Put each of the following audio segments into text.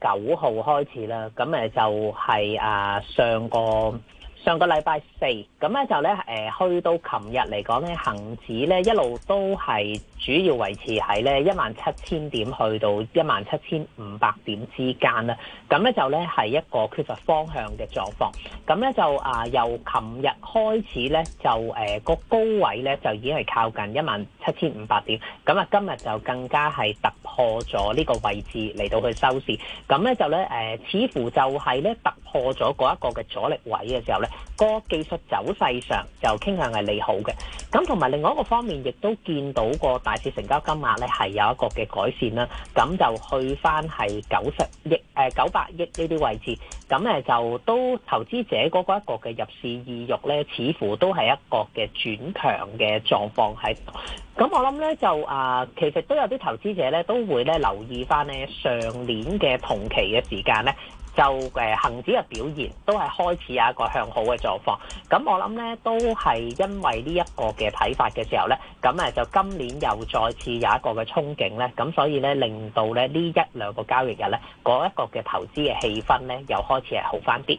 九號開始啦，咁誒就係啊上個上個禮拜四，咁咧就咧誒去到琴日嚟講咧，恆指咧一路都係主要維持喺咧一萬七千點去到一萬七千五百點之間啦。咁咧就咧係一個缺乏方向嘅狀況。咁咧就啊由琴日開始咧就誒個高位咧就已經係靠近一萬七千五百點。咁啊今日就更加係突。破咗呢個位置嚟到去收市，咁咧就咧誒、呃，似乎就係咧突破咗嗰一個嘅阻力位嘅時候咧，個技術走勢上就傾向係利好嘅，咁同埋另外一個方面，亦都見到個大市成交金額咧係有一個嘅改善啦，咁就去翻係九十億誒九百億呢啲位置，咁誒就都投資者嗰個一個嘅入市意欲咧，似乎都係一個嘅轉強嘅狀況喺度，咁我諗咧就啊、呃，其實都有啲投資者咧都會咧留意翻咧上年嘅同期嘅時間咧。就誒，恆指嘅表現都係開始有一個向好嘅狀況。咁我諗咧，都係因為呢一個嘅睇法嘅時候咧，咁誒就今年又再次有一個嘅憧憬咧。咁所以咧，令到咧呢一兩個交易日咧，嗰一個嘅投資嘅氣氛咧，又開始係好返啲。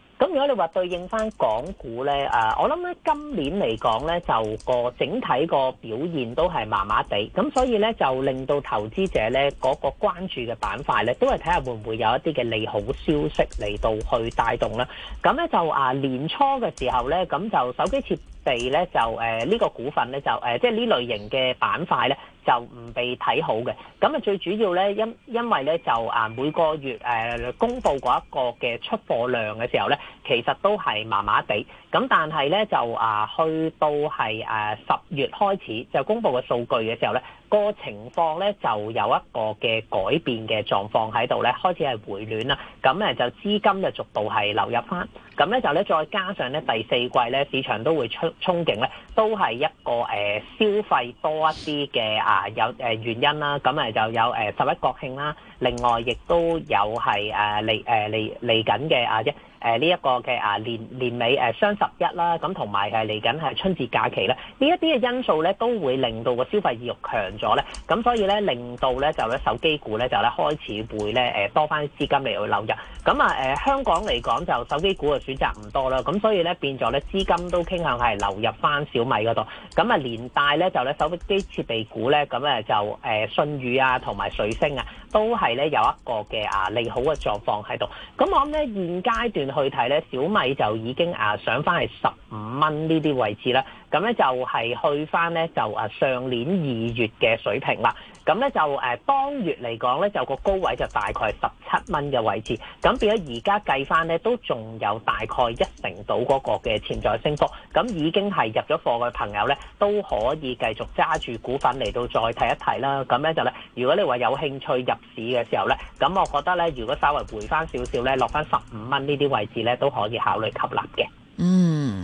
咁如果你話對應翻港股咧，誒，我諗咧今年嚟講咧，就個整體個表現都係麻麻地，咁所以咧就令到投資者咧嗰個關注嘅板塊咧，都係睇下會唔會有一啲嘅利好消息嚟到去帶動啦。咁咧就啊年初嘅時候咧，咁就手機設。被咧就誒呢、呃呢個股份咧就誒、呃、即係呢類型嘅板塊咧就唔被睇好嘅，咁啊最主要咧因因為咧就啊每個月誒、呃、公佈嗰一個嘅出貨量嘅時候咧，其實都係麻麻地，咁但係咧就啊、呃、去到係誒十月開始就公佈嘅數據嘅時候咧。個情況咧就有一個嘅改變嘅狀況喺度咧，開始係回暖啦。咁就資金就逐步係流入翻。咁咧就咧再加上咧第四季咧市場都會憧憬咧，都係一個消費多一啲嘅啊有原因啦。咁就有十一國慶啦，另外亦都有係嚟嚟嚟緊嘅啊一，誒呢一個嘅啊年年尾誒、呃、雙十一啦，咁同埋係嚟緊係春節假期啦呢一啲嘅因素咧都會令到個消費意欲強咗咧，咁所以咧令到咧就咧手機股咧就咧開始會咧多翻啲資金嚟去流入，咁啊、呃、香港嚟講就手機股嘅選擇唔多啦，咁所以咧變咗咧資金都傾向係流入翻小米嗰度，咁啊連帶咧就咧手機設備股咧咁誒就誒舜宇啊同埋瑞聲啊。都係咧有一個嘅啊利好嘅狀況喺度，咁我諗咧現階段去睇咧，小米就已經啊上返係十五蚊呢啲位置啦，咁咧就係去返咧就啊上年二月嘅水平啦。咁咧就誒當月嚟講咧，就個高位就大概十七蚊嘅位置。咁變咗而家計翻咧，都仲有大概一成到嗰個嘅潛在升幅。咁已經係入咗貨嘅朋友咧，都可以繼續揸住股份嚟到再睇一睇啦。咁咧就咧，如果你話有興趣入市嘅時候咧，咁我覺得咧，如果稍微回翻少少咧，落翻十五蚊呢啲位置咧，都可以考慮吸納嘅。嗯。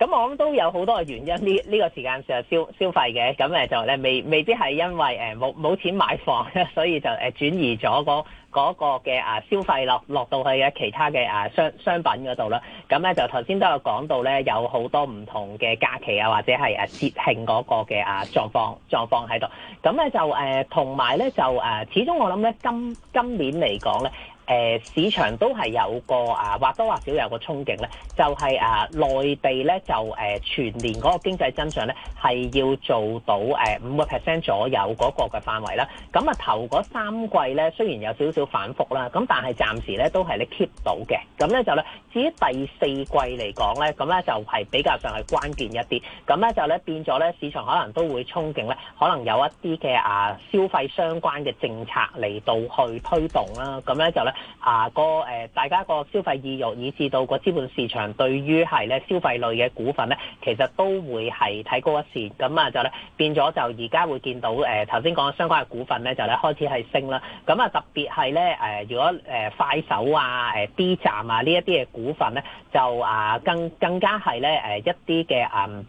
咁我諗都有好多嘅原因呢，呢、這個這個時間上消消費嘅，咁誒就咧未未必係因為冇冇錢買房，所以就誒轉移咗嗰嗰個嘅啊、那個、消費落落到去其他嘅啊商商品嗰度啦。咁咧就頭先都有講到咧，有好多唔同嘅假期啊，或者係誒節慶嗰個嘅啊狀況狀況喺度。咁咧就誒同埋咧就誒，始終我諗咧今今年嚟講咧。誒市場都係有個啊，或多或少有個憧憬咧，就係啊，內地咧就誒全年嗰個經濟增長咧，係要做到誒五個 percent 左右嗰個嘅範圍啦。咁啊頭嗰三季咧，雖然有少少反覆啦，咁但係暫時咧都係你 keep 到嘅。咁咧就咧，至於第四季嚟講咧，咁咧就係比較上係關鍵一啲。咁咧就咧變咗咧，市場可能都會憧憬咧，可能有一啲嘅啊消費相關嘅政策嚟到去推動啦。咁咧就咧。啊，個誒大家個消費意欲，以至到個資本市場對於係咧消費類嘅股份咧，其實都會係睇高一線。咁啊就咧變咗就而家會見到誒頭先講相關嘅股份咧，就咧開始係升啦。咁啊特別係咧誒，如果誒快手啊、誒 B 站啊呢一啲嘅股份咧，就啊更更加係咧誒一啲嘅啊。嗯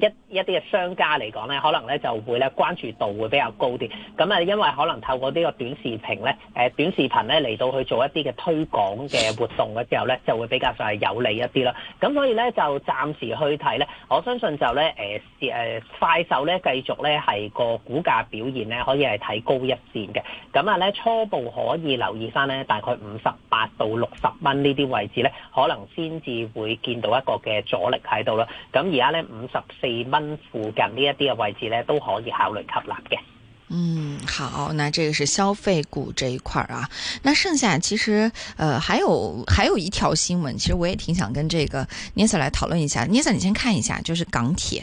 一一啲嘅商家嚟講咧，可能咧就會咧關注度會比較高啲。咁啊，因為可能透過呢個短視頻咧，誒短視頻咧嚟到去做一啲嘅推廣嘅活動嘅時候咧，就會比較上係有利一啲啦。咁所以咧就暫時去睇咧，我相信就咧誒誒快手咧繼續咧係個股價表現咧可以係睇高一線嘅。咁啊咧初步可以留意翻咧大概五十八到六十蚊呢啲位置咧，可能先至會見到一個嘅阻力喺度啦。咁而家咧五十四蚊附近呢一啲嘅位置咧，都可以考慮吸納嘅。嗯，好，那這個是消費股這一塊啊。那剩下其實，呃，還有還有一條新聞，其實我也挺想跟這個 NiSa 來討論一下。NiSa，你先看一下，就是港鐵。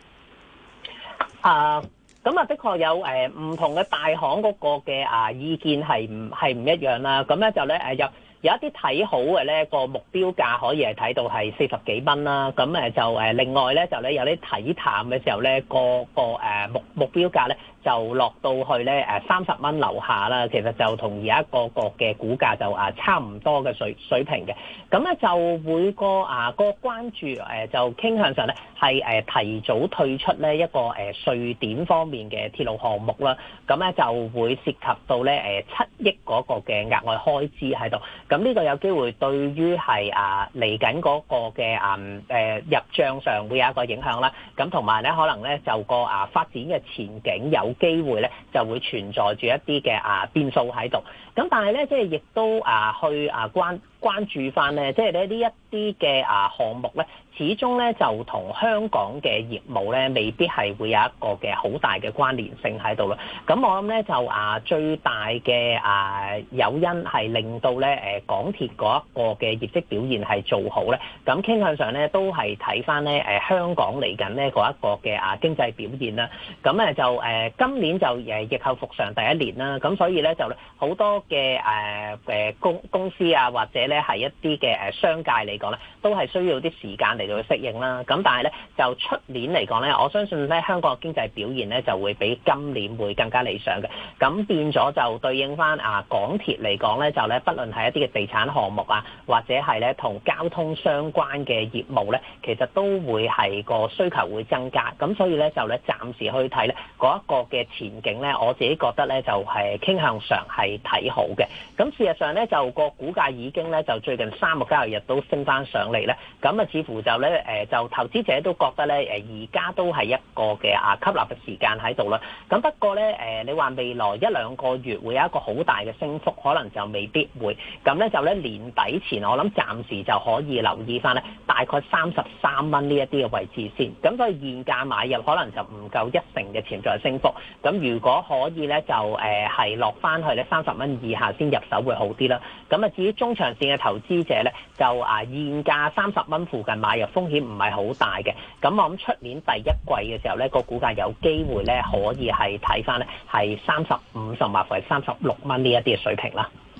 啊，咁啊的確有誒，呃、唔同嘅大行嗰個嘅啊意見係唔係唔一樣啦。咁咧就咧誒、呃、有有一啲睇好嘅咧個目標價可以係睇到係四十幾蚊啦。咁誒就誒、呃、另外咧就咧有啲睇淡嘅時候咧個個誒、啊、目目標價咧。就落到去咧誒三十蚊樓下啦，其實就同而家個個嘅股價就啊差唔多嘅水水平嘅，咁咧就會個啊個關注就傾向上咧係提早退出呢一個誒瑞典方面嘅鐵路項目啦，咁咧就會涉及到咧誒七億嗰個嘅額外開支喺度，咁呢個有機會對於係啊嚟緊嗰個嘅啊入賬上會有一個影響啦，咁同埋咧可能咧就個啊發展嘅前景有。機會咧就會存在住一啲嘅啊變數喺度，咁但係咧即係亦都啊去啊關。關注翻咧，即係咧呢一啲嘅啊項目咧，始終咧就同香港嘅業務咧，未必係會有一個嘅好大嘅關聯性喺度啦。咁我諗咧就啊最大嘅啊誘因係令到咧誒港鐵嗰一個嘅業績表現係做好咧。咁傾向上咧都係睇翻咧誒香港嚟緊咧嗰一個嘅啊經濟表現啦。咁咧就誒今年就誒疫後復常第一年啦。咁所以咧就好多嘅誒誒公公司啊或者咧係一啲嘅誒商界嚟講咧，都係需要啲時間嚟到去適應啦。咁但係咧，就出年嚟講咧，我相信咧香港嘅經濟表現咧就會比今年會更加理想嘅。咁變咗就對應返啊，港鐵嚟講咧，就咧不論係一啲嘅地產項目啊，或者係咧同交通相關嘅業務咧，其實都會係個需求會增加。咁所以咧就咧暫時去睇咧嗰一個嘅前景咧，我自己覺得咧就係傾向上係睇好嘅。咁事實上咧就個股價已經咧。就最近三個交易日都升翻上嚟咧，咁啊似乎就咧誒就投資者都覺得咧誒而家都係一個嘅啊吸納嘅時間喺度啦。咁不過咧誒你話未來一兩個月會有一個好大嘅升幅，可能就未必會。咁咧就咧年底前我諗暫時就可以留意翻咧，大概三十三蚊呢一啲嘅位置先。咁所以現價買入可能就唔夠一成嘅潛在升幅。咁如果可以咧就誒係落翻去咧三十蚊以下先入手會好啲啦。咁啊至於中長線。嘅投資者咧，就啊現價三十蚊附近買入風險唔係好大嘅。咁我諗出年第一季嘅時候咧，個股價有機會咧可以係睇翻咧係三十五十或係三十六蚊呢一啲嘅水平啦。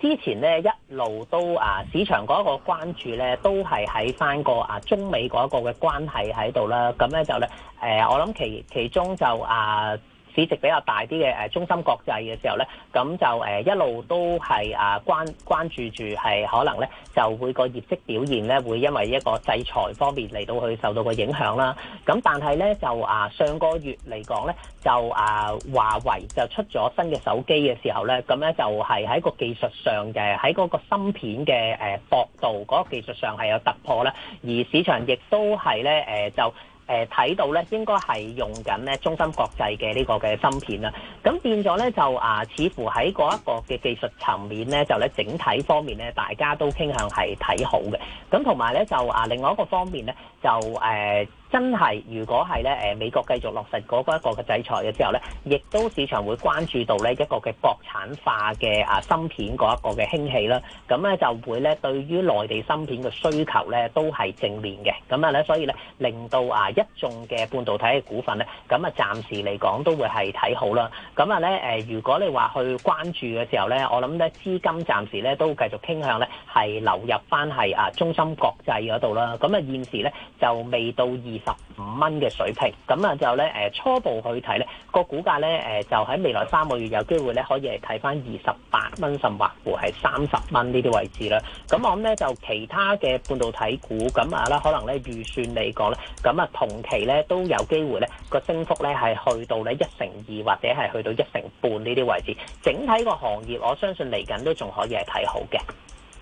之前咧一路都啊，市場嗰一個關注咧，都係喺翻個啊中美嗰個嘅關係喺度啦。咁咧就咧，誒、呃，我諗其其中就啊。市值比較大啲嘅誒中芯國際嘅時候咧，咁就誒一路都係啊關關注住係可能咧就會個業績表現咧會因為一個制裁方面嚟到佢受到個影響啦。咁但係咧就啊上個月嚟講咧就啊華為就出咗新嘅手機嘅時候咧，咁咧就係喺個技術上嘅喺嗰個芯片嘅誒角度嗰、那個技術上係有突破咧，而市場亦都係咧誒就。誒、呃、睇到咧，應該係用緊咧中芯國際嘅呢個嘅芯片啦，咁變咗咧就啊、呃，似乎喺嗰一個嘅技術層面咧就咧整體方面咧大家都傾向係睇好嘅，咁同埋咧就啊、呃、另外一個方面咧就誒。呃真係，如果係咧美國繼續落實嗰個一個嘅制裁嘅之後咧，亦都市場會關注到咧一個嘅國產化嘅啊芯片嗰一個嘅興起啦。咁咧就會咧對於內地芯片嘅需求咧都係正面嘅。咁啊咧，所以咧令到啊一眾嘅半導體股份咧，咁啊暫時嚟講都會係睇好啦。咁啊咧如果你話去關注嘅時候咧，我諗咧資金暫時咧都繼續傾向咧係流入翻係啊中芯國際嗰度啦。咁啊現時咧就未到二二十五蚊嘅水平，咁啊就咧，誒初步去睇咧個股價咧，誒就喺未來三個月有機會咧，可以係睇翻二十八蚊，甚或乎係三十蚊呢啲位置啦。咁我諗咧就其他嘅半導體股，咁啊可能咧預算嚟講咧，咁啊同期咧都有機會咧個升幅咧係去到咧一成二或者係去到一成半呢啲位置。整體個行業，我相信嚟緊都仲可以係睇好嘅。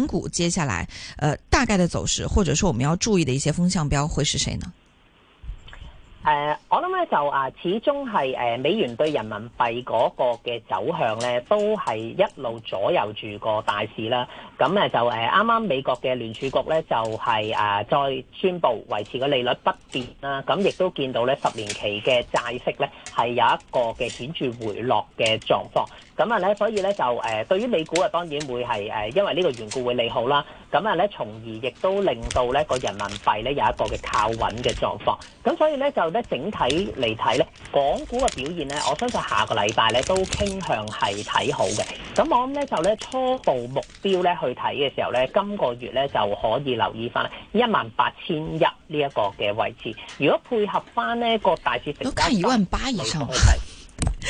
港股接下來，呃，大概的走勢，或者說我們要注意的一些風向標會是誰呢？誒、呃，我諗咧就啊，始終係誒、呃、美元對人民幣嗰個嘅走向咧，都係一路左右住個大市啦。咁咧就誒啱啱美國嘅聯儲局咧就係、是、誒、呃、再宣布維持個利率不變啦。咁、啊、亦都見到咧十年期嘅債息咧係有一個嘅顯著回落嘅狀況。咁啊咧，所以咧就誒、呃，對於美股啊，當然會係誒、呃，因為呢個緣故會利好啦。咁啊咧，從而亦都令到咧個人民幣咧有一個嘅靠穩嘅狀況。咁所以咧就咧整體嚟睇咧，港股嘅表現咧，我相信下個禮拜咧都傾向係睇好嘅。咁我諗咧就咧初步目標咧去睇嘅時候咧，今、這個月咧就可以留意翻一萬八千一呢一個嘅位置。如果配合翻呢個大市成交，都睇一萬八以上。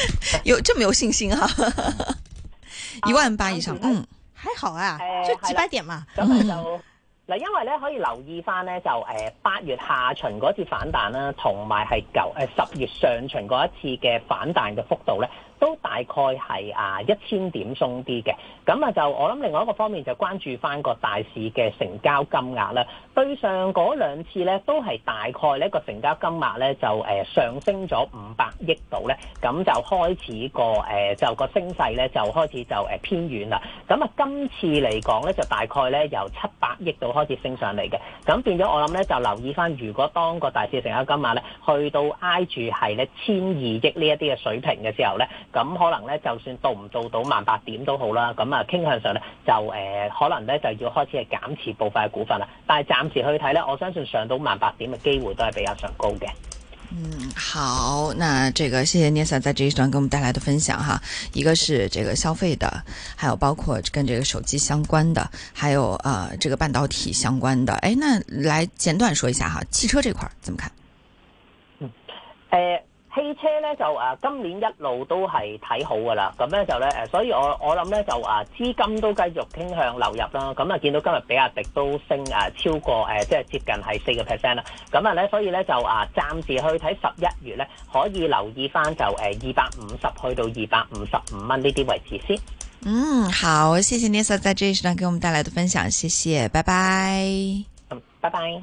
有這麼有信心哈，啊，一 萬八以上，啊嗯，嗯，還好啊，呃、就幾百點嘛。咁 就嗱，因為咧可以留意翻咧就誒八月下旬嗰次反彈啦，同埋係九誒十月上旬嗰一次嘅反彈嘅幅度咧。大概係啊一千點鬆啲嘅，咁啊就我諗另外一個方面就關注翻個大市嘅成交金額啦。對上嗰兩次咧，都係大概咧個成交金額咧就誒上升咗五百億度咧，咁就開始個誒就個升勢咧就開始就誒偏軟啦。咁啊今次嚟講咧就大概咧由七百億度開始升上嚟嘅，咁變咗我諗咧就留意翻，如果當個大市成交金額咧去到挨住係咧千二億呢一啲嘅水平嘅時候咧，咁開可能咧，就算到唔做到萬八點都好啦，咁啊，傾向上咧就誒、呃，可能咧就要開始係減持部分嘅股份啦。但係暫時去睇咧，我相信上到萬八點嘅機會都係比較上高嘅。嗯，好，那這個謝謝 Nisa 在這一段給我們帶來的分享哈，一個是這個消費的，還有包括跟這個手機相關的，還有啊、呃，這個半導體相關的。誒、哎，那來簡短說一下哈，汽車這塊怎麼看？誒、嗯。欸汽車咧就啊，今年一路都係睇好噶啦，咁咧就咧誒，所以我我諗咧就啊，資金都繼續傾向流入啦，咁啊見到今日比亞迪都升誒、啊、超過誒、啊，即係接近係四個 percent 啦，咁啊咧，所以咧就啊，暫時去睇十一月咧，可以留意翻就誒二百五十去到二百五十五蚊呢啲位置先。嗯，好，謝謝 Nisa 在這一時段給我們帶來的分享，謝謝，拜拜，拜拜。